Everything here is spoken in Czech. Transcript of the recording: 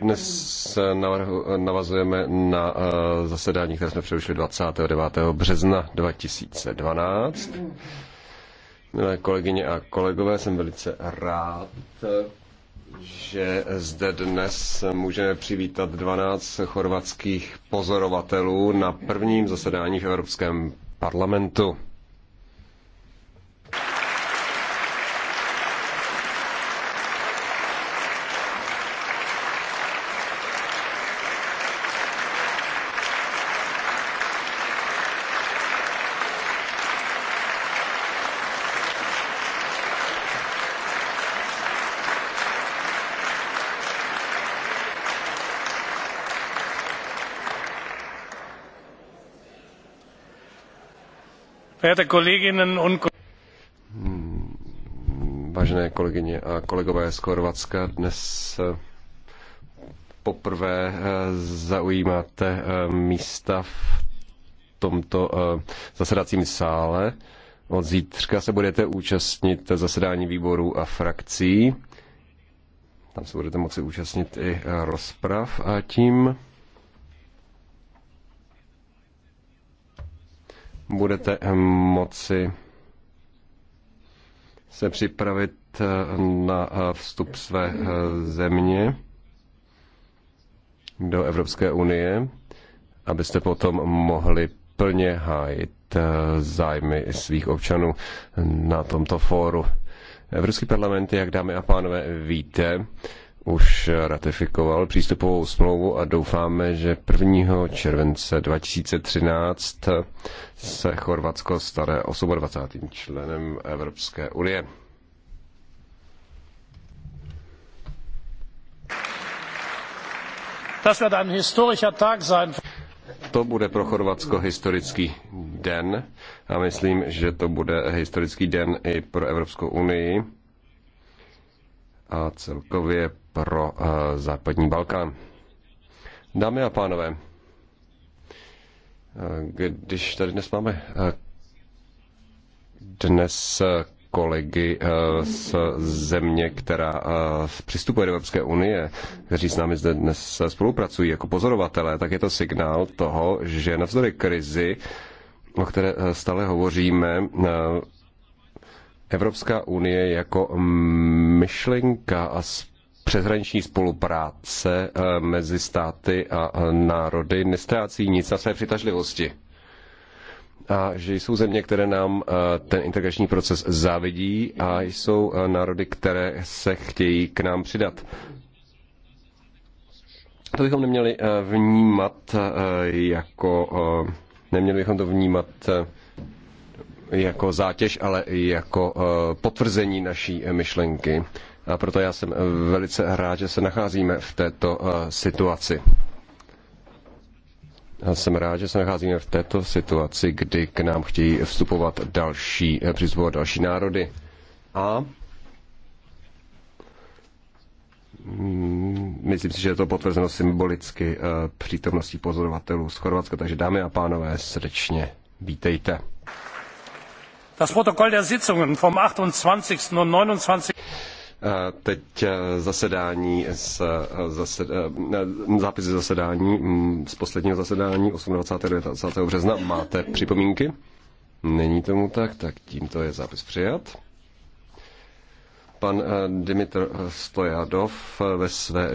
Dnes navazujeme na eh, zasedání, které jsme přerušili 29. března 2012. Milé kolegyně a kolegové, jsem velice rád, že zde dnes můžeme přivítat 12 chorvatských pozorovatelů na prvním zasedání v Evropském parlamentu. Vážené kolegyně a kolegové z Chorvatska, dnes eh, poprvé eh, zaujímáte eh, místa v tomto zasedacím sále. Od zítřka se budete účastnit zasedání výborů a frakcí. Tam se budete moci účastnit i rozprav a tím budete eh, moci se připravit eh, na eh, vstup své země do Evropské unie, abyste potom mohli plně hájit zájmy svých občanů na tomto fóru. Evropský parlament, jak dámy a pánové víte, už ratifikoval přístupovou smlouvu a doufáme, že 1. července 2013 se Chorvatsko stane 28. členem Evropské unie. To bude pro Chorvatsko historický den a myslím, že to bude historický den i pro Evropskou unii a celkově pro eh, západní Balkán. Dámy a pánové, eh, když tady dnes máme eh, dnes kolegy z země, která přistupuje do Evropské unie, kteří s námi zde dnes spolupracují jako pozorovatelé, tak je to signál toho, že navzdory krizi, o které stále hovoříme, Evropská unie jako myšlenka a přeshraniční spolupráce eh, mezi státy a eh, národy nestrácí nic na své přitažlivosti a že jsou země, které nám eh, ten integrační proces závidí a jsou národy, které se chtějí k nám přidat. To bychom neměli vnímat jako, neměli bychom to vnímat jako zátěž, ale i jako eh, potvrzení naší myšlenky. A proto já jsem eh, velice rád, že se nacházíme v této eh, situaci. Já jsem rád, že se nacházíme v této situaci, kdy k nám chtějí vstupovat další, přizvovat další národy. A mm, myslím si, že je to potvrzeno symbolicky přítomností pozorovatelů z Chorvatska. Takže dámy a pánové, srdečně vítejte das protokoll der sitzungen vom. achtundzwanzig und. neunundzwanzig teď eh, zasedání z, eh, zased, eh, zápis zasedání z posledního zasedání 28. 29. března. Máte připomínky? Není tomu tak, tak tímto je zápis přijat. Pan Dimitr Stojadov ve své